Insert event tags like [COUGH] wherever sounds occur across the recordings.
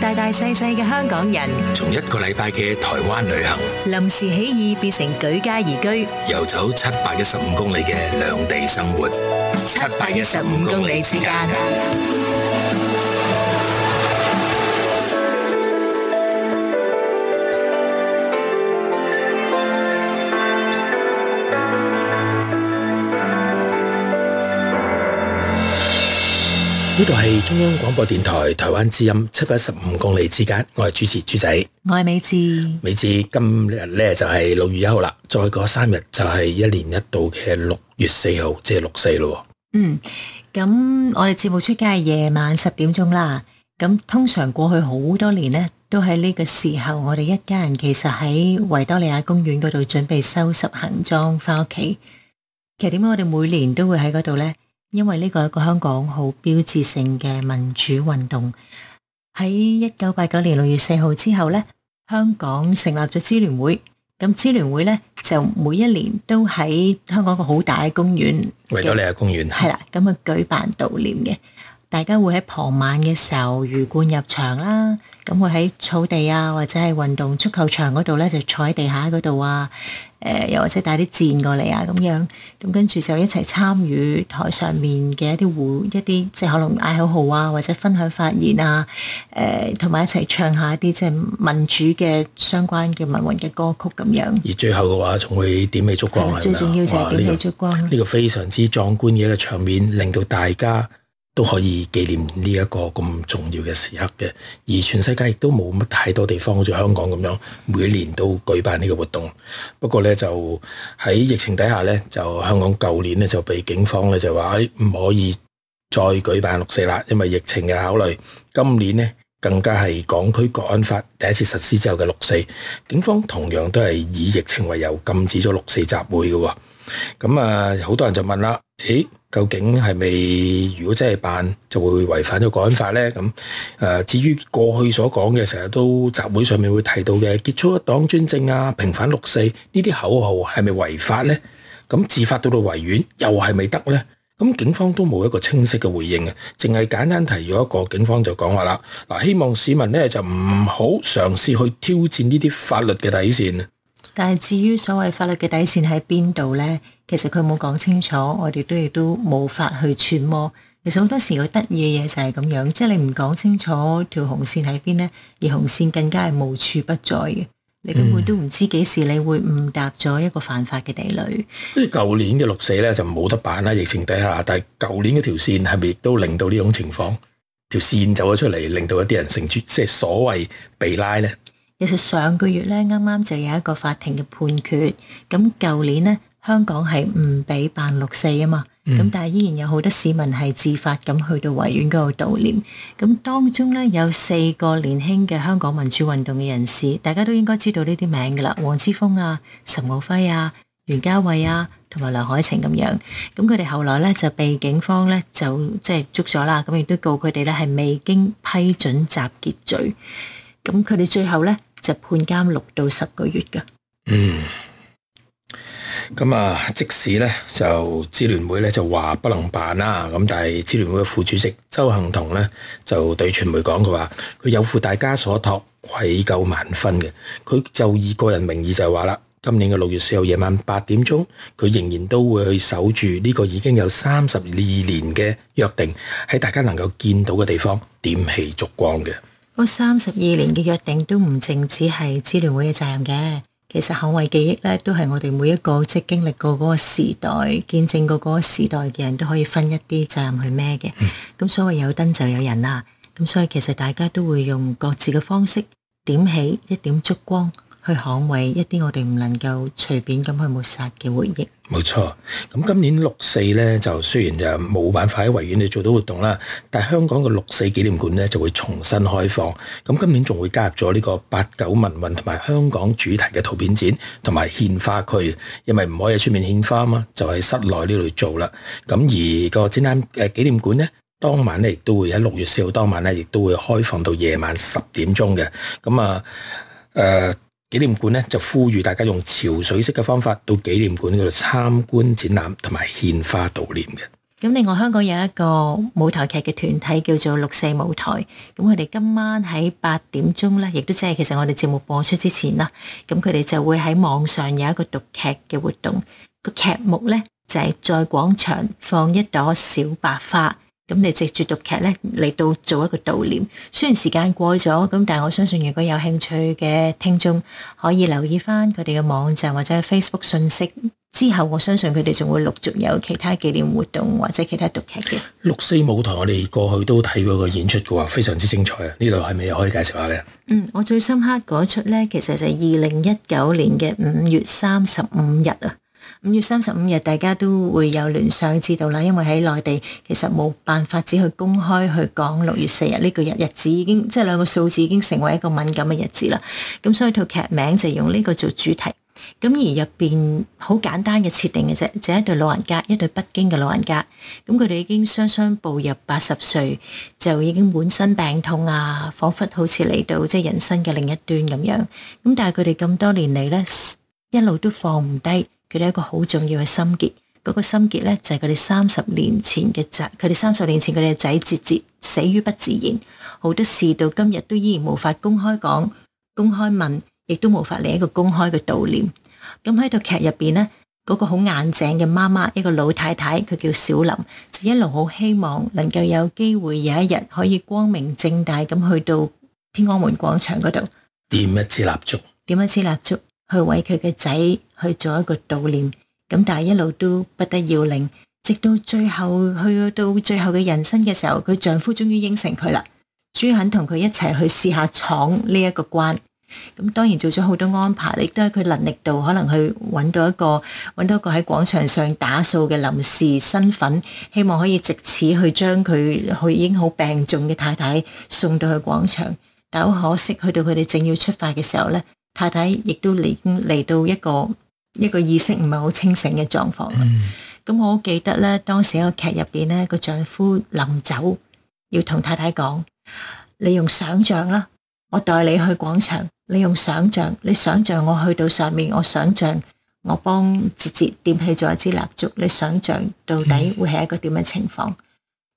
大大細細嘅香港人，從一個禮拜嘅台灣旅行，臨時起意變成舉家移居，遊走七百一十五公里嘅兩地生活，七百一十五公里之間。呢度係中央廣播電台台灣之音，七百一十五公里之間，我係主持朱仔，我係美智。美智，今日咧就係六月一號啦，再過三日就係一年一度嘅六月四號，即係六四咯。嗯，咁我哋節目出街係夜晚十點鐘啦。咁通常過去好多年呢，都喺呢個時候，我哋一家人其實喺維多利亞公園嗰度準備收拾行裝返屋企。其實點解我哋每年都會喺嗰度咧？因為呢個係一個香港好標誌性嘅民主運動，喺一九八九年六月四號之後呢，香港成立咗支聯會，咁支聯會呢就每一年都喺香港一個好大嘅公園——維多利亞公園係啦——咁啊舉辦悼念嘅，大家會喺傍晚嘅時候魚貫入場啦，咁會喺草地啊或者係運動足球場嗰度呢就坐喺地下嗰度啊。誒又或者帶啲箭過嚟啊咁樣，咁跟住就一齊參與台上面嘅一啲活，一啲即係可能嗌口號啊，或者分享發言啊，誒同埋一齊唱下一啲即係民主嘅相關嘅民運嘅歌曲咁樣。而最後嘅話，仲會點起燭光對吧，最重要就係點起燭光。呢、呢個呢個非常之壯觀嘅一個場面，令到大家，都可以紀念呢一個咁重要嘅時刻嘅，而全世界亦都冇乜太多地方好似香港咁樣每年都舉辦呢個活動。不過呢，就喺疫情底下呢，就香港舊年呢，就被警方咧就話：誒、哎、唔可以再舉辦六四啦，因為疫情嘅考慮。今年呢，更加係港區國安法第一次實施之後嘅六四，警方同樣都係以疫情為由禁止咗六四集會嘅喎。咁啊，好多人就問啦。誒，究竟係咪如果真係辦就會違反咗《國安法》呢？咁、嗯、誒，至於過去所講嘅成日都集會上面會提到嘅結束一黨專政啊、平反六四呢啲口號係咪違法呢？咁、嗯、自發到到維園又係咪得呢？咁、嗯、警方都冇一個清晰嘅回應啊，淨係簡單提咗一個警方就講話啦。嗱，希望市民咧就唔好嘗試去挑戰呢啲法律嘅底線。但係至於所謂法律嘅底線喺邊度呢？其實佢冇講清楚，我哋都亦都無法去揣摩。其實好多時佢得意嘅嘢就係咁樣，即係你唔講清楚條紅線喺邊呢，而紅線更加係無處不在嘅。你根本都唔知幾時你會誤踏咗一個犯法嘅地雷。跟住舊年嘅六四呢就冇得辦啦，疫情底下。但係舊年嗰條線係咪亦都令到呢種情況條線走咗出嚟，令到一啲人成住即係所謂被拉呢？其實上個月呢啱啱就有一個法庭嘅判決，咁舊年呢。香港係唔俾辦六四啊嘛，咁、嗯、但係依然有好多市民係自發咁去到維園嗰度悼念。咁當中咧有四個年輕嘅香港民主運動嘅人士，大家都應該知道呢啲名噶啦，黃之鋒啊、岑敖暉啊、袁嘉蔚啊同埋梁凱晴咁樣。咁佢哋後來咧就被警方咧就即係、就是、捉咗啦，咁亦都告佢哋咧係未經批准集結罪。咁佢哋最後咧就判監六到十個月噶。嗯。即使咧就支聯會咧就話不能辦啦，咁但係支聯會嘅副主席鄒幸彤咧就對傳媒講佢話，佢有負大家所託，愧疚萬分嘅。佢就以個人名義就係話啦，今年嘅六月四號夜晚八點鐘，佢仍然都會去守住呢個已經有三十二年嘅約定，喺大家能夠見到嘅地方點起燭光嘅。三十二年嘅約定都唔淨止係支聯會嘅責任嘅。其實捍衛記憶咧，都係我哋每一個即係經歷過嗰個時代、見證過嗰個時代嘅人都可以分一啲責任去孭嘅。咁所謂有燈就有人啦，咁所以其實大家都會用各自嘅方式點起一點燭光，去捍衛一啲我哋唔能夠隨便咁去抹殺嘅回憶。冇錯，咁今年六四咧就雖然就冇辦法喺維園度做到活動啦，但係香港嘅六四紀念館咧就會重新開放。咁今年仲會加入咗呢個八九民運同埋香港主題嘅圖片展同埋獻花區，因為唔可以出面獻花嘛，就喺、是、室內呢度做啦。咁而個展覽誒紀念館咧，當晚咧亦都會喺六月四號當晚咧，亦都會開放到夜晚十點鐘嘅。咁啊誒。呃紀念館咧就呼籲大家用潮水式嘅方法到紀念館嗰度參觀展覽同埋獻花悼念嘅。咁另外香港有一個舞台劇嘅團體叫做六四舞台，咁佢哋今晚喺八點鐘咧，亦都即係其實我哋節目播出之前啦，咁佢哋就會喺網上有一個讀劇嘅活動，個劇目咧就係在廣場放一朵小白花。咁你借住讀劇呢，嚟到做一個悼念，雖然時間過咗，咁但係我相信如果有興趣嘅聽眾可以留意翻佢哋嘅網站或者 Facebook 信息。之後我相信佢哋仲會陸續有其他紀念活動或者其他讀劇嘅。六四舞台我哋過去都睇過個演出嘅話，非常之精彩啊！呢度係咪又可以介紹下呢？嗯，我最深刻嗰出呢，其實就係二零一九年嘅五月三十五日啊。五月三十五日，大家都會有聯想知道啦，因為喺內地其實冇辦法只去公開去講六月四日呢個日日子，已經即係兩個數字已經成為一個敏感嘅日子啦。咁所以套劇名就用呢個做主題。咁而入邊好簡單嘅設定嘅啫，就係，一對老人家，一對北京嘅老人家。咁佢哋已經雙雙步入八十歲，就已經滿身病痛啊，仿佛好似嚟到即係、就係，人生嘅另一端咁樣。咁但係佢哋咁多年嚟呢，一路都放唔低。佢哋一個好重要嘅心結，嗰個心結咧就係佢哋三十年前嘅仔，佢哋三十年前佢哋嘅仔節節死於不自然，好多事到今日都依然無法公開講、公開問，亦都無法嚟一個公開嘅悼念。咁喺套劇入邊咧，嗰個好硬淨嘅媽媽，一個老太太，佢叫小林，就一路好希望能夠有機會有一日可以光明正大咁去到天安門廣場嗰度點一支蠟燭，點一支蠟燭。去為佢嘅仔去做一個悼念，咁但係一路都不得要領，直到最後去到最後嘅人生嘅時候，佢丈夫終於應承佢啦，終於肯同佢一齊去試下闖呢一個關。咁當然做咗好多安排，亦都喺佢能力度可能去揾到一個揾到一個喺廣場上打掃嘅臨時身份，希望可以借此去將佢去已經好病重嘅太太送到去廣場。但係好可惜，去到佢哋正要出發嘅時候呢。太太亦都嚟，嚟到一個一個意識唔係好清醒嘅狀況。咁我好記得呢，當時一個劇入邊呢，個丈夫臨走要同太太講：你用想像啦，我帶你去廣場。你用想像，你想像我去到上面，我想像我幫節節點起咗一支蠟燭，你想像到底會係一個點嘅情況。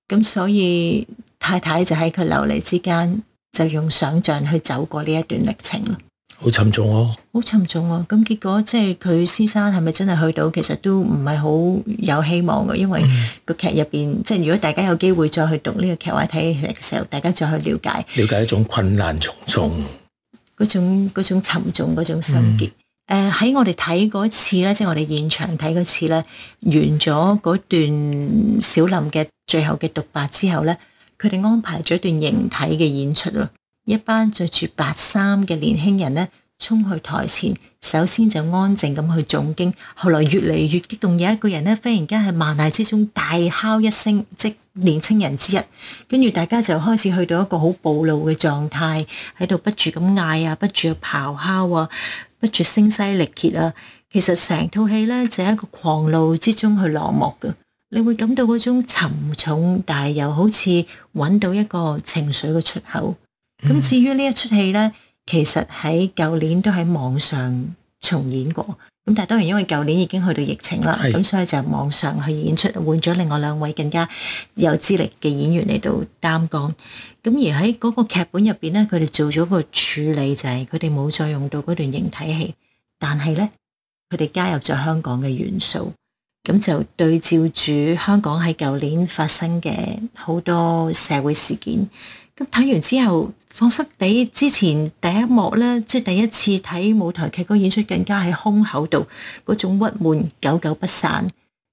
咁所以太太就喺佢流離之間，就用想像去走過呢一段歷程咯。好沉重啊，好沉重啊。咁結果即係佢先生係咪真係去到？其實都唔係好有希望嘅，因為、嗯、個劇入邊，即係如果大家有機會再去讀呢個劇話睇嘅時候，大家再去了解了解一種困難重重，嗰、嗯、種種沉重嗰種心結。誒、嗯、喺、呃、我哋睇嗰次咧，即係我哋現場睇嗰次咧，完咗嗰段小林嘅最後嘅獨白之後咧，佢哋安排咗一段形體嘅演出咯。一班着住白衫嘅年輕人呢，衝去台前，首先就安靜咁去誦經，後來越嚟越激動，有一個人呢，忽然間喺萬籟之中大敲一聲，即年青人之一，跟住大家就開始去到一個好暴怒嘅狀態，喺度不住咁嗌啊，不住咆哮啊，不住聲嘶力竭啊。其實成套戲呢，就係一個狂怒之中去落幕嘅，你會感到嗰種沉重，但係又好似揾到一個情緒嘅出口。咁至於呢一出戲呢，其實喺舊年都喺網上重演過。咁但係當然因為舊年已經去到疫情啦，咁所以就網上去演出，換咗另外兩位更加有資歷嘅演員嚟到擔綱。咁而喺嗰個劇本入邊呢，佢哋做咗個處理，就係佢哋冇再用到嗰段形體戲，但係呢佢哋加入咗香港嘅元素，咁就對照住香港喺舊年發生嘅好多社會事件。咁睇完之後，彷彿比之前第一幕咧，即係第一次睇舞台劇嗰演出更加喺胸口度嗰種鬱悶久久不散，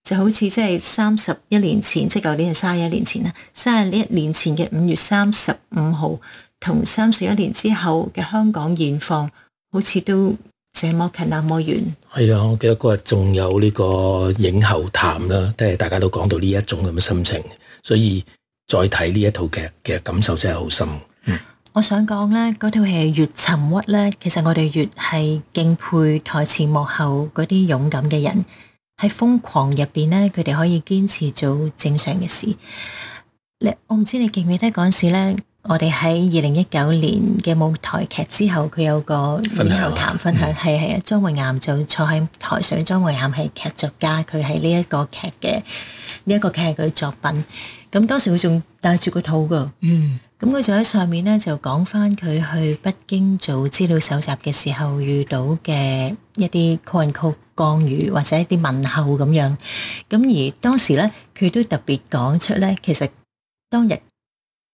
就好似即係三十一年前，即係舊年係三十一年前啦，三十一年前嘅五月三十五號同三十一年之後嘅香港現況，好似都這麼近那麼遠。係啊，我記得嗰日仲有呢個影後談啦，即係、嗯、大家都講到呢一種咁嘅心情，所以再睇呢一套劇嘅感受真係好深。嗯。我想講呢，嗰套戲越沉鬱呢，其實我哋越係敬佩台前幕後嗰啲勇敢嘅人，喺瘋狂入邊呢，佢哋可以堅持做正常嘅事。你我唔知你記唔記得嗰時呢，我哋喺二零一九年嘅舞台劇之後，佢有個演後談分享，係係莊慧岩就坐喺台上，莊慧岩係劇作家，佢係呢一個劇嘅，呢一個劇係佢嘅作品。咁當時佢仲帶住個肚噶。嗯。咁佢就喺上面咧，就講翻佢去北京做資料搜集嘅時候遇到嘅一啲 quote unquote 講語或者一啲問候咁樣。咁、嗯、而當時咧，佢都特別講出咧，其實當日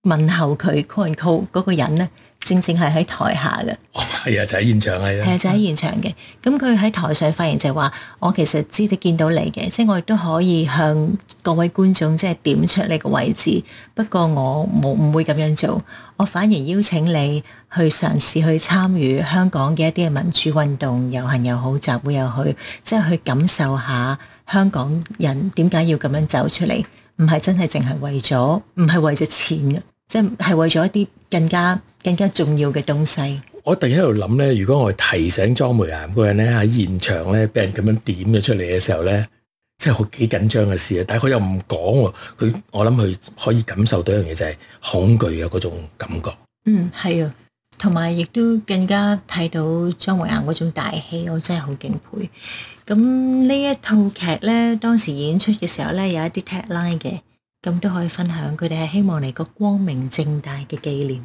問候佢 quote unquote 嗰個人咧，正正係喺台下嘅。係啊，就喺現場啊！係啊，就喺現場嘅。咁佢喺台上發言就話：我其實知你見到你嘅，即係我亦都可以向各位觀眾即係點出你嘅位置。不過我冇唔會咁樣做，我反而邀請你去嘗試去參與香港嘅一啲民主運動，遊行又好，集會又好，即係去感受下香港人點解要咁樣走出嚟，唔係真係淨係為咗，唔係為咗錢，即係為咗一啲更加更加重要嘅東西。我突然喺度諗咧，如果我提醒莊梅岩嗰人咧，喺現場咧，俾人咁樣點咗出嚟嘅時候咧，真係好幾緊張嘅事啊！但係佢又唔講喎，佢我諗佢可以感受到一樣嘢就係恐懼嘅嗰種感覺。嗯，係啊，同埋亦都更加睇到莊梅岩嗰種大氣，我真係好敬佩。咁呢一套劇咧，當時演出嘅時候咧，有一啲 tagline 嘅，咁都可以分享。佢哋係希望嚟個光明正大嘅紀念。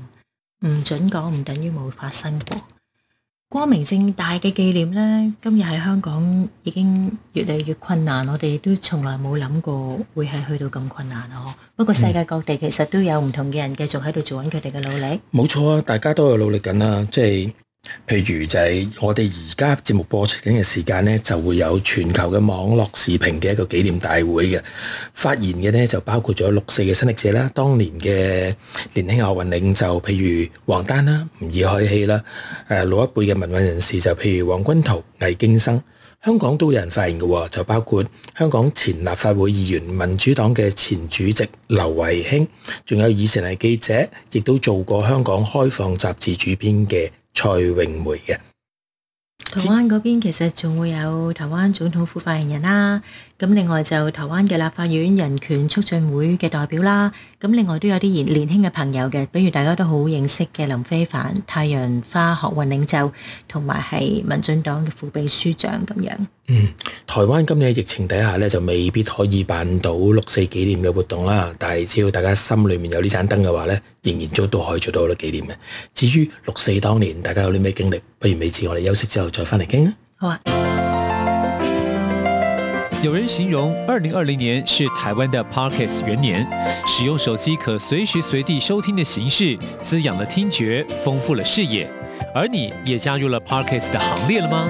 唔准講唔等於冇發生過，光明正大嘅紀念呢，今日喺香港已經越嚟越困難，我哋都從來冇諗過會係去到咁困難啊！嗯、不過世界各地其實都有唔同嘅人繼續喺度做緊佢哋嘅努力，冇錯啊！大家都有努力緊啦，即係。譬如就係我哋而家節目播出緊嘅時間咧，就會有全球嘅網絡視頻嘅一個紀念大會嘅發言嘅咧，就包括咗六四嘅親歷者啦，當年嘅年輕學運領袖，譬如王丹啦、吾爾開希啦，誒，老一輩嘅民運人士就譬如黃君濤、魏京生，香港都有人發言嘅，就包括香港前立法會議員民主黨嘅前主席劉慧卿，仲有以前係記者，亦都做過香港開放雜誌主編嘅。蔡詠梅嘅。台灣嗰邊其實仲會有台灣總統府發言人啦，咁另外就台灣嘅立法院人權促進會嘅代表啦，咁另外都有啲年年輕嘅朋友嘅，比如大家都好認識嘅林飛帆、太陽花學運領袖，同埋係民進黨嘅副秘書長咁樣。台灣今年疫情底下呢，就未必可以辦到六四紀念嘅活動啦。但係只要大家心裏面有呢盞燈嘅話呢，仍然做到可以做到好多紀念嘅。至於六四當年，大家有啲咩經歷，不如每次我哋休息之後再翻嚟傾啊。好啊。有人形容二零二零年是台灣的 Parkes 元年，使用手機可隨時隨地收聽的形式，滋養了聽覺，豐富了視野，而你也加入了 Parkes 的行列啦嗎？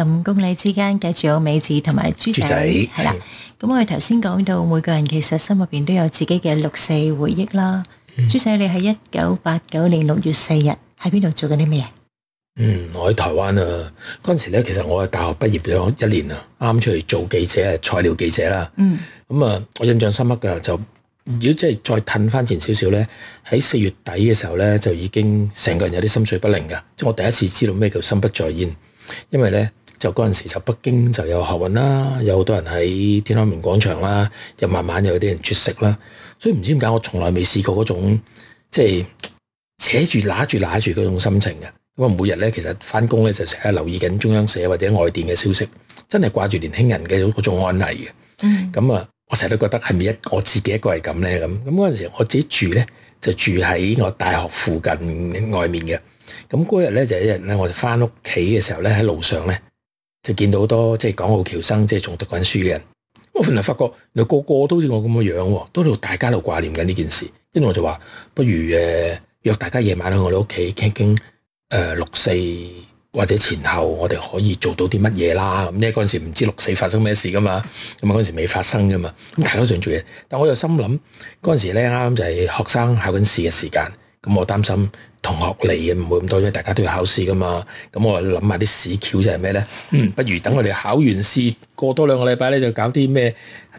十五公里之間，繼住有美智同埋朱仔，係啦。咁我哋頭先講到，每個人其實心入邊都有自己嘅六四回憶啦。朱、嗯、仔，你喺一九八九年六月四日喺邊度做緊啲咩啊？嗯，我喺台灣啊。嗰陣時咧，其實我係大學畢業咗一年啊，啱出嚟做記者，菜鳥記者啦。嗯。咁啊，我印象深刻噶，就如果即係再褪翻前少少咧，喺四月底嘅時候咧，就已經成個人有啲心緒不寧噶。即我第一次知道咩叫心不在焉，因為咧。就嗰陣時就北京就有學運啦，有好多人喺天安門廣場啦，又慢慢有啲人絕食啦，所以唔知點解我從來未試過嗰種即係扯住攞住攞住嗰種心情嘅，咁我每日咧其實翻工咧就成日留意緊中央社或者外電嘅消息，真係掛住年輕人嘅嗰種安危嘅。咁啊、嗯，我成日都覺得係咪一我自己一個係咁咧？咁咁嗰陣時我自己住咧就住喺我大學附近外面嘅，咁嗰日咧就一日咧我哋翻屋企嘅時候咧喺路上咧。就見到好多即係港澳僑生，即係仲讀緊書嘅人，我原來發覺原來個個都似我咁嘅樣，都度大家度掛念緊呢件事，咁我就話不如誒、呃、約大家夜晚去我哋屋企傾傾誒六四或者前後，我哋可以做到啲乜嘢啦？咁、嗯、因為嗰陣時唔知六四發生咩事噶嘛，咁啊嗰陣時未發生噶嘛，咁、嗯、大家都想做嘢，但我又心諗嗰陣時咧啱就係學生考緊試嘅時間，咁、嗯、我擔心。.同學嚟嘅唔會咁多，因為大家都要考試噶嘛。咁、嗯、 [NOISE] 我諗下啲屎橋就係咩呢？不如等我哋考完試，過多兩個禮拜呢，就搞啲咩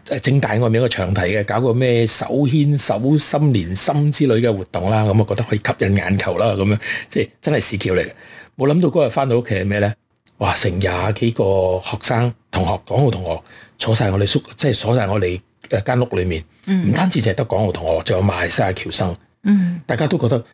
誒整大外面一個長題嘅，搞個咩手牽手心連心之類嘅活動啦。咁、嗯、我覺得可以吸引眼球啦。咁樣即係真係屎橋嚟嘅。冇諗到嗰日返到屋企係咩呢？哇！成廿幾個學生同學港澳同學坐晒我哋宿，即係坐晒我哋間屋裏面。唔單止淨係得港澳同學，仲、嗯、有馬來西亞僑生。嗯，大家都覺得，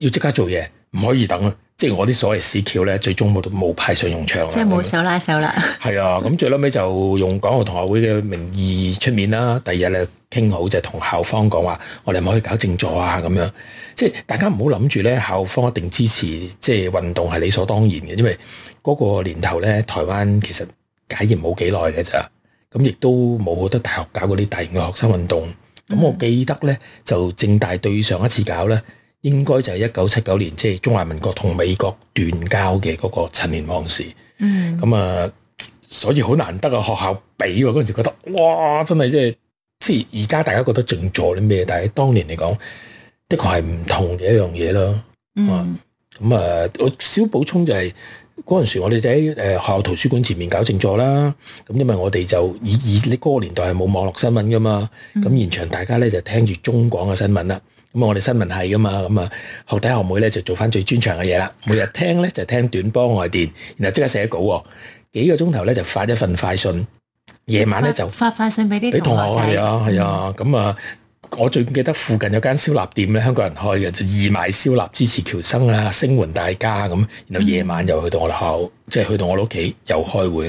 要即刻做嘢，唔可以等咯。即係我啲所謂屎橋咧，最終冇冇派上用場。即係冇手拉手啦。係 [LAUGHS] 啊，咁最後尾就用港澳同學會嘅名義出面啦。第二日咧傾好就同校方講話，我哋可唔可以搞正座啊？咁樣即係大家唔好諗住咧，校方一定支持，即係運動係理所當然嘅。因為嗰個年頭咧，台灣其實解嚴冇幾耐嘅咋，咁亦都冇好多大學搞嗰啲大型嘅學生運動。咁、嗯、我記得咧，就正大對上一次搞咧。應該就係一九七九年，即係中華民國同美國斷交嘅嗰個陳年往事。嗯，咁啊、嗯，所以好難得啊，學校俾嗰陣時覺得，哇，真係即係，即係而家大家覺得靜坐啲咩？但係當年嚟講，的確係唔同嘅一樣嘢咯。嗯，咁啊，我少補充就係嗰陣時我哋就喺誒學校圖書館前面搞靜坐啦。咁因為我哋就以、嗯、以你嗰個年代係冇網絡新聞噶嘛，咁現場大家咧就聽住中港嘅新聞啦。咁我哋新聞系噶嘛咁啊，學弟學妹咧就做翻最專長嘅嘢啦。每日聽咧就聽短波外電，然後即刻寫稿，幾個鐘頭咧就發一份快信。夜晚咧就發快信俾啲俾同學係啊，係啊。咁啊，我最記得附近有間燒臘店咧，香港人開嘅就義賣燒臘，支持僑生啊，聲援大家咁。然後夜晚又去到我校，即係去到我屋企又開會。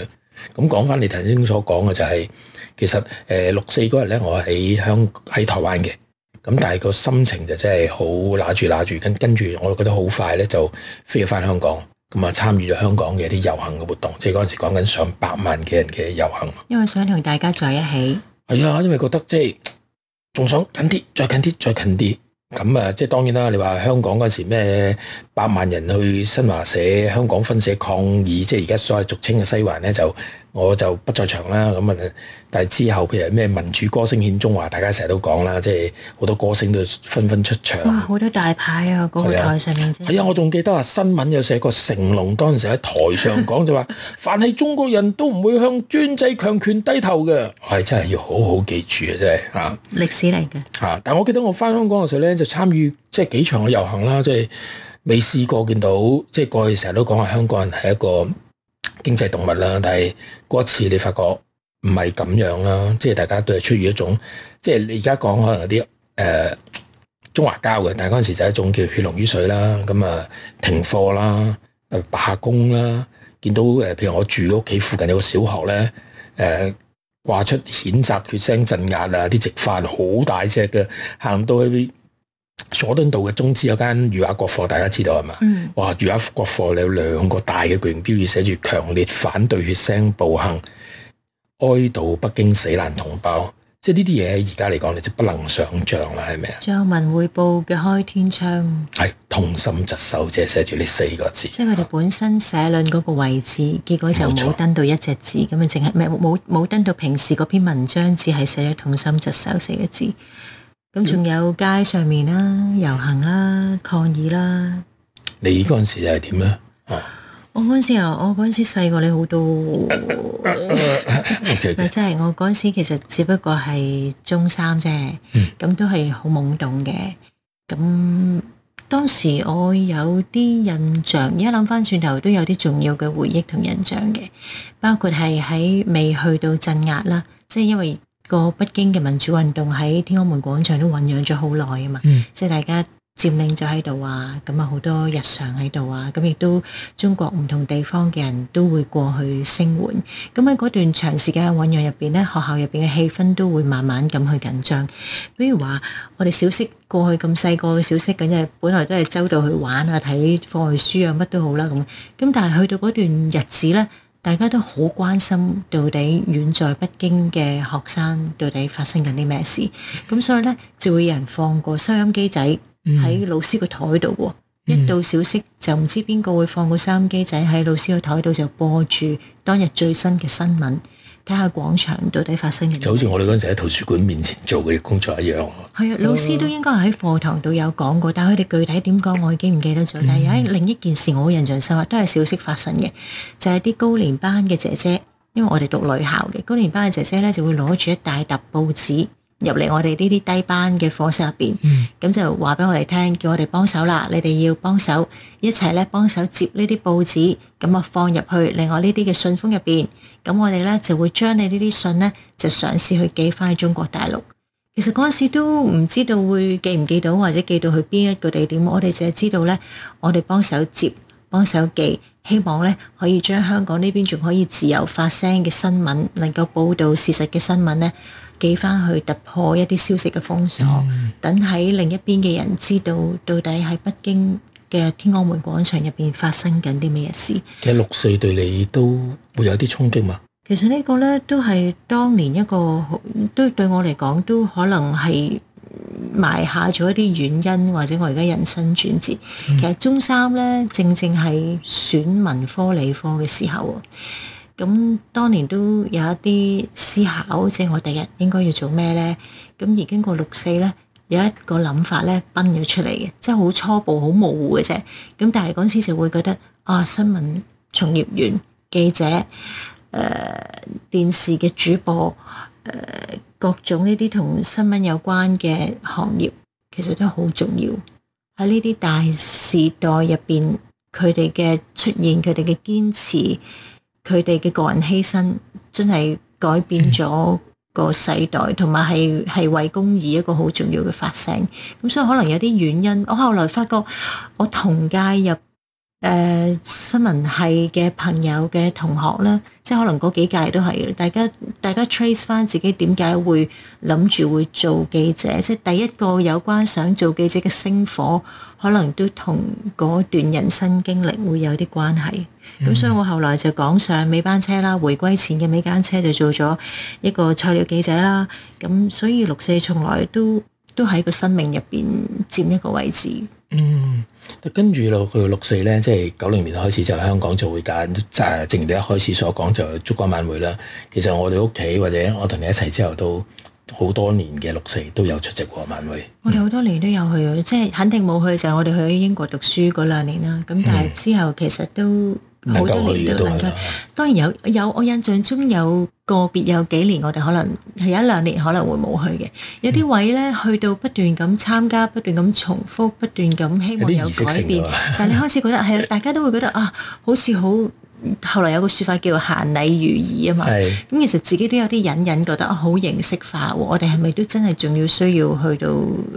咁講翻你頭先所講嘅就係，其實誒六四嗰日咧，我喺香喺台灣嘅。咁但係個心情就真係好揦住揦住，跟跟住我覺得好快咧就飛咗翻香港，咁啊參與咗香港嘅啲遊行嘅活動，即係嗰陣時講緊上百萬嘅人嘅遊行。因為想同大家在一起，係啊、哎，因為覺得即係仲想近啲，再近啲，再近啲。咁、嗯、啊，即係當然啦，你話香港嗰陣時咩？八萬人去新華社香港分社抗議，即係而家所謂俗稱嘅西環咧，就我就不在場啦。咁啊，但係之後譬如咩民主歌聲獻中華，大家成日都講啦，即係好多歌星都紛紛出場。好多大牌啊，嗰、那個台上面。係啊。係啊、哎，我仲記得啊，新聞有寫過成龍當時喺台上講就話： [LAUGHS] 凡係中國人都唔會向專制強權低頭嘅。係、哎、真係要好好記住嘅，真係嚇。啊、歷史嚟嘅。嚇、啊！但係我記得我翻香港嘅時候咧，就參與即係幾場嘅遊行啦，即、就、係、是。未試過見到，即係過去成日都講話香港人係一個經濟動物啦，但係嗰一次你發覺唔係咁樣啦，即係大家都係出於一種，即係你而家講可能有啲誒、呃、中華膠嘅，但係嗰陣時就係一種叫血濃於水啦，咁啊停課啦，誒罷工啦，見到誒譬如我住屋企附近有個小學咧，誒、呃、掛出譴責血腥鎮壓啊，啲直幡好大隻嘅，行到去。佐敦道嘅中資有間裕亞國貨，大家知道係嘛？嗯、哇！裕亞國貨你有兩個大嘅巨型標語，寫住強烈反對血腥暴行，哀悼北京死難同胞。即係呢啲嘢而家嚟講，你就不能想像啦，係咪啊？張《文匯報》嘅開天窗係痛心疾首，即係寫住呢四個字。即係佢哋本身寫論嗰個位置，啊、結果就冇登到一隻字咁啊，淨係咩？冇冇登到平時嗰篇文章，只係寫咗痛心疾首四個字。咁仲、嗯、有街上面啦、遊行啦、抗議啦。你嗰陣時係點咧？我嗰陣時候你啊，我嗰陣時細過你好多，即係我嗰陣時其實只不過係中三啫，咁、嗯、都係好懵懂嘅。咁當時我有啲印象，而家諗翻轉頭都有啲重要嘅回憶同印象嘅，包括係喺未去到鎮壓啦，即、就、係、是、因為。個北京嘅民主運動喺天安門廣場都醞釀咗好耐啊嘛，嗯、即係大家佔領咗喺度啊，咁啊好多日常喺度啊，咁亦都中國唔同地方嘅人都會過去聲援。咁喺嗰段長時間嘅醞釀入邊呢，學校入邊嘅氣氛都會慢慢咁去緊張。比如話我哋小息過去咁細個嘅小息，梗係本來都係周到去玩啊、睇課外書啊，乜都好啦咁。咁但係去到嗰段日子呢。大家都好關心，到底遠在北京嘅學生到底發生緊啲咩事？咁所以呢，就會有人放個收音機仔喺老師個枱度喎。嗯，一到小息，就唔知邊個會放個收音機仔喺老師個枱度，就播住當日最新嘅新聞。睇下廣場到底發生嘅，就好似我哋嗰陣時喺圖書館面前做嘅工作一樣。係啊，老師都應該係喺課堂度有講過，但係佢哋具體點講，我已經唔記得咗。但係喺另一件事，我印象深刻，都係小息發生嘅，就係啲高年班嘅姐姐，因為我哋讀女校嘅高年班嘅姐姐咧，就會攞住一大沓報紙。入嚟我哋呢啲低班嘅課室入邊，咁、嗯、就話俾我哋聽，叫我哋幫手啦！你哋要幫手一齊咧幫手接呢啲報紙，咁啊放入去另外呢啲嘅信封入邊。咁我哋咧就會將你呢啲信呢，就嘗試去寄翻去中國大陸。其實嗰陣時都唔知道會寄唔寄到，或者寄到去邊一個地點。我哋淨係知道呢，我哋幫手接、幫手寄，希望呢可以將香港呢邊仲可以自由發聲嘅新聞，能夠報導事實嘅新聞呢。寄翻去突破一啲消息嘅封鎖，等喺、嗯、另一邊嘅人知道到底喺北京嘅天安門廣場入邊發生緊啲咩事。其實六四對你都會有啲衝擊嘛。其實個呢個咧都係當年一個都對我嚟講都可能係埋下咗一啲原因，或者我而家人生轉折。嗯、其實中三咧正正係選文科理科嘅時候。咁當年都有一啲思考，即係我第日應該要做咩呢？咁而經過六四呢，有一個諗法呢，崩咗出嚟嘅，即係好初步、好模糊嘅啫。咁但係嗰陣時就會覺得，啊新聞從業員、記者、誒電視嘅主播、誒各種呢啲同新聞有關嘅行業，其實都好重要。喺呢啲大時代入邊，佢哋嘅出現，佢哋嘅堅持。佢哋嘅個人犧牲真係改變咗個世代，同埋係係為公義一個好重要嘅發聲。咁所以可能有啲原因，我後來發覺我同屆入。誒，uh, 新聞系嘅朋友嘅同學啦，即係可能嗰幾屆都係，大家大家 trace 翻，自己點解會諗住會做記者，即係第一個有關想做記者嘅星火，可能都同嗰段人生經歷會有啲關係。咁、mm. 所以我後來就趕上尾班車啦，回歸前嘅尾班車就做咗一個菜鳥記者啦。咁所以六四從來都都喺個生命入邊佔一個位置。嗯，跟住咯，佢六四呢，即係九零年開始就香港就會搞，誒，正如你一開始所講，就燭光晚會啦。其實我哋屋企或者我同你一齊之後都，都好多年嘅六四都有出席過晚會。我哋好多年都有去，嗯、即係肯定冇去就係、是、我哋去英國讀書嗰兩年啦。咁但係之後其實都。嗯好多年在都去，當然有有我印象中有個別有幾年我哋可能係一兩年可能會冇去嘅，有啲位呢，去到不斷咁參加，不斷咁重複，不斷咁希望有改變，但係你開始覺得係 [LAUGHS] 大家都會覺得啊，好似好後嚟有個説法叫做行禮如儀啊嘛，咁，是其實自己都有啲隱隱覺得啊，好形式化喎，我哋係咪都真係仲要需要去到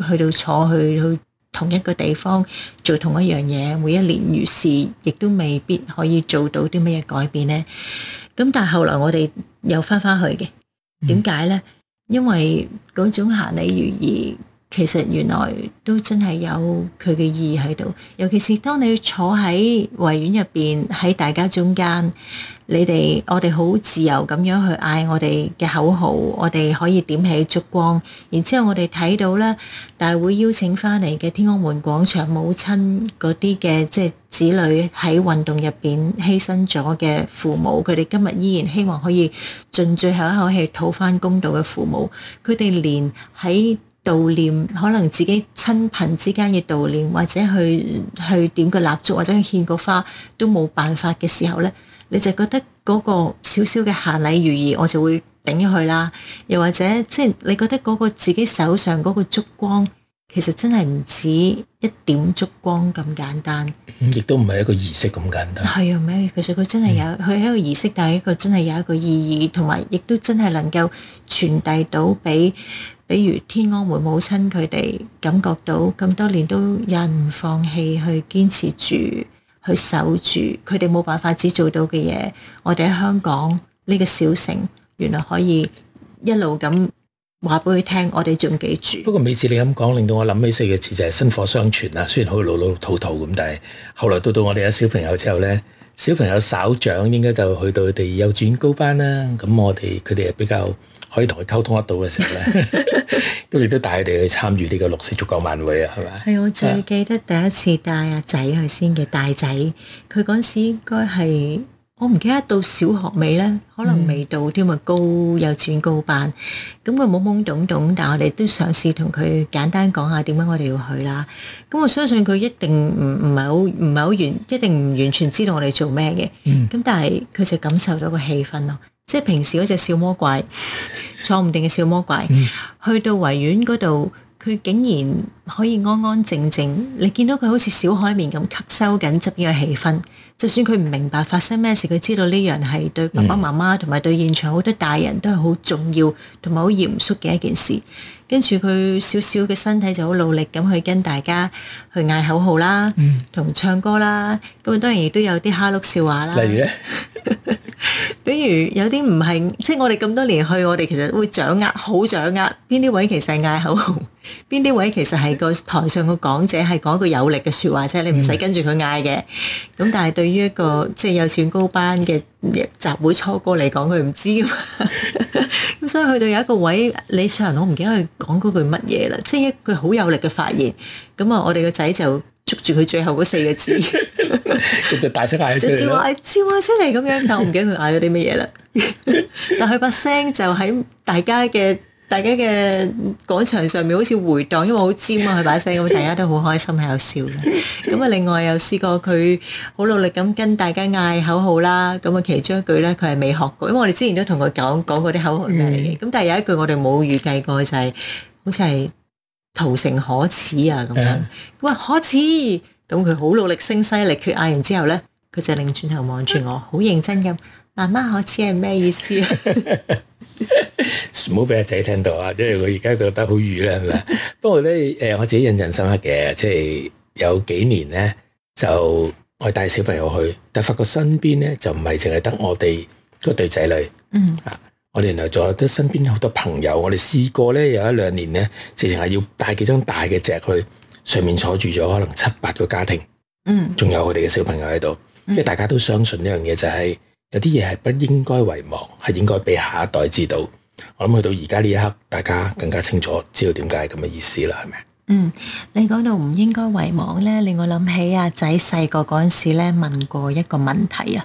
去到坐去去？同一個地方做同一樣嘢，每一年如是，亦都未必可以做到啲咩嘢改變呢。咁但係後來我哋又翻返去嘅，點解呢？因為嗰種行禮如儀，其實原來都真係有佢嘅意義喺度。尤其是當你坐喺維園入邊，喺大家中間。你哋我哋好自由咁樣去嗌我哋嘅口號，我哋可以點起燭光，然之後我哋睇到咧，大會邀請翻嚟嘅天安門廣場母親嗰啲嘅即係子女喺運動入邊犧牲咗嘅父母，佢哋今日依然希望可以盡最後一口氣討翻公道嘅父母，佢哋連喺悼念可能自己親朋之間嘅悼念，或者去去點個蠟燭或者去獻個花都冇辦法嘅時候咧。你就覺得嗰個少少嘅行禮如儀，我就會頂咗佢啦。又或者，即係你覺得嗰個自己手上嗰個燭光，其實真係唔止一點燭光咁簡單。嗯，亦都唔係一個儀式咁簡單。係啊，咩？其實佢真係有，嗯，佢係一個儀式，但係佢真係有一個意義，同埋亦都真係能夠傳遞到俾，比如天安門母親佢哋感覺到咁多年都有人唔放棄去堅持住。去守住，佢哋冇辦法只做到嘅嘢，我哋喺香港呢個小城，原來可以一路咁話俾佢聽，我哋仲記住。 [NOISE] 不過美智你咁講，令到我諗起四個字就係薪火相傳啦。雖然好老老套套咁，但係後來到到我哋有小朋友之後呢，小朋友稍長應該就去到佢哋幼稚園高班啦。咁我哋佢哋係比較。可以同佢溝通得到嘅時候咧，都亦 [LAUGHS] 都帶佢哋去參與呢個六四燭光晚會啊，係咪？係我最記得第一次帶阿仔去先嘅大仔，佢嗰陣時應該係我唔記得到小學未咧，可能未到添啊，嗯、高幼稚園高班，咁佢懵懵懂懂，但係我哋都嘗試同佢簡單講下點解，我哋要去啦。咁我相信佢一定唔唔係好唔係好完，一定唔完全知道我哋做咩嘅。嗯。咁但係佢就感受到個氣氛咯。即係平時嗰隻小魔怪，坐唔定嘅小魔怪，嗯、去到維園嗰度，佢竟然可以安安靜靜。你見到佢好似小海綿咁吸收緊側邊嘅氣氛。就算佢唔明白發生咩事，佢知道呢樣係對爸爸媽媽同埋對現場好多大人都係好重要同埋好嚴肅嘅一件事。跟住佢少少嘅身體就好努力咁去跟大家去嗌口號啦，同、嗯、唱歌啦。咁當然亦都有啲蝦碌笑話啦。例如咧， [LAUGHS] 比如有啲唔係，即係我哋咁多年去，我哋其實會掌握好掌握邊啲位其實嗌口號，邊啲位其實係個台上嘅講者係講句有力嘅説話啫，嗯、你唔使跟住佢嗌嘅。咁、嗯、但係對於一個即係有錢高班嘅。集會初哥嚟講佢唔知啊嘛，咁 [LAUGHS] 所以去到有一個位，李卓人我唔記得佢講嗰句乜嘢啦，即係一句好有力嘅發言。咁啊，我哋個仔就捉住佢最後嗰四個字， [LAUGHS] 就大聲嗌，就照嗌，照嗌出嚟咁樣，我 [LAUGHS] 但我唔記得佢嗌咗啲乜嘢啦。但佢把聲就喺大家嘅。大家嘅廣場上面好似迴盪，因為好尖啊，佢把聲咁，大家都好開心喺度笑。咁啊，另外又試過佢好努力咁跟大家嗌口號啦。咁啊，其中一句咧，佢係未學過，因為我哋之前都同佢講講過啲口號嚟。咁、嗯、但係有一句我哋冇預計過就係、是，好似係屠城可恥啊咁樣。佢話、嗯、可恥，咁佢好努力聲嘶力竭嗌完之後咧，佢就擰轉頭望住我，好認真咁：媽媽可恥係咩意思？ [LAUGHS] 唔好俾阿仔聽到啊！因為佢而家覺得好淤啦，係咪？不過咧，誒，我自己印象深刻嘅，即係有幾年咧，就我帶小朋友去，但發覺身邊咧就唔係淨係得我哋嗰對仔女，嗯啊，我哋原來仲有得身邊好多朋友。我哋試過咧有一兩年咧，直情係要帶幾張大嘅席去上面坐住咗，可能七八個家庭，嗯，仲有我哋嘅小朋友喺度，因為大家都相信一樣嘢就係、是。有啲嘢係不應該遺忘，係應該俾下一代知道。我諗去到而家呢一刻，大家更加清楚知道點解係咁嘅意思啦，係咪？嗯，你講到唔應該遺忘咧，令我諗起阿仔細個嗰陣時咧，問過一個問題啊。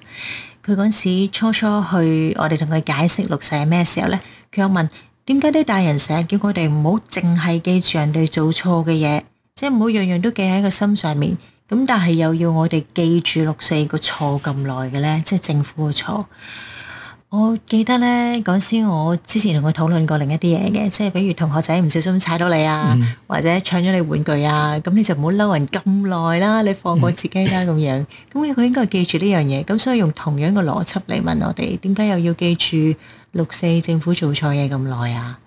佢嗰陣時初初去，我哋同佢解釋六四係咩時候咧，佢又問點解啲大人成日叫我哋唔好淨係記住人哋做錯嘅嘢，即係唔好樣樣都記喺個心上面。咁但係又要我哋記住六四個錯咁耐嘅呢，即係政府嘅錯。我記得呢，嗰陣時我之前同佢討論過另一啲嘢嘅，即係比如同學仔唔小心踩到你啊，嗯、或者搶咗你玩具啊，咁你就唔好嬲人咁耐啦，你放過自己啦咁、嗯、樣。咁佢應該記住呢樣嘢，咁所以用同樣嘅邏輯嚟問我哋，點解又要記住六四政府做錯嘢咁耐啊？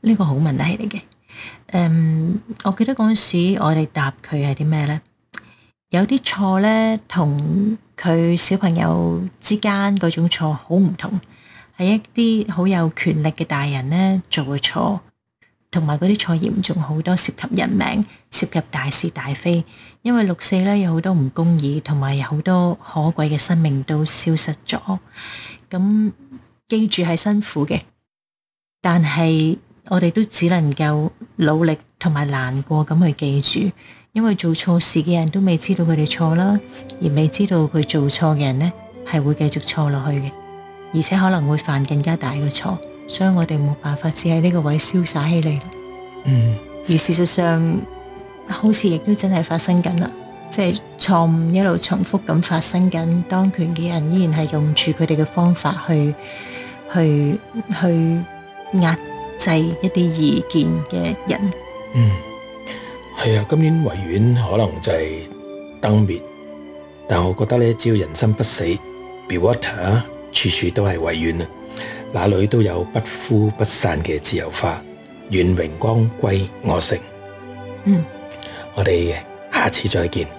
呢、呢個好問題嚟嘅、嗯。我記得嗰陣時我哋答佢係啲咩呢？有啲錯咧，同佢小朋友之間嗰種錯好唔同，係一啲好有權力嘅大人咧做嘅錯，同埋嗰啲錯嚴重好多，涉及人命，涉及大是大非。因為六四咧有好多唔公義，同埋有好多可貴嘅生命都消失咗。咁記住係辛苦嘅，但係我哋都只能夠努力同埋難過咁去記住。因為做錯事嘅人都未知道佢哋錯啦，而未知道佢做錯嘅人呢係會繼續錯落去嘅，而且可能會犯更加大嘅錯。所以我哋冇辦法只喺呢個位瀟灑起嚟。嗯，而事實上好似亦都真係發生緊啦，即係錯誤一路重複咁發生緊。當權嘅人依然係用住佢哋嘅方法去去去壓制一啲意見嘅人。嗯。係啊，今年維園可能就係燈滅，但我覺得呢，只要人心不死，Be Water，處處都係維園啊，哪裏都有不枯不散嘅自由花，願榮光歸我城。嗯，我哋下次再見。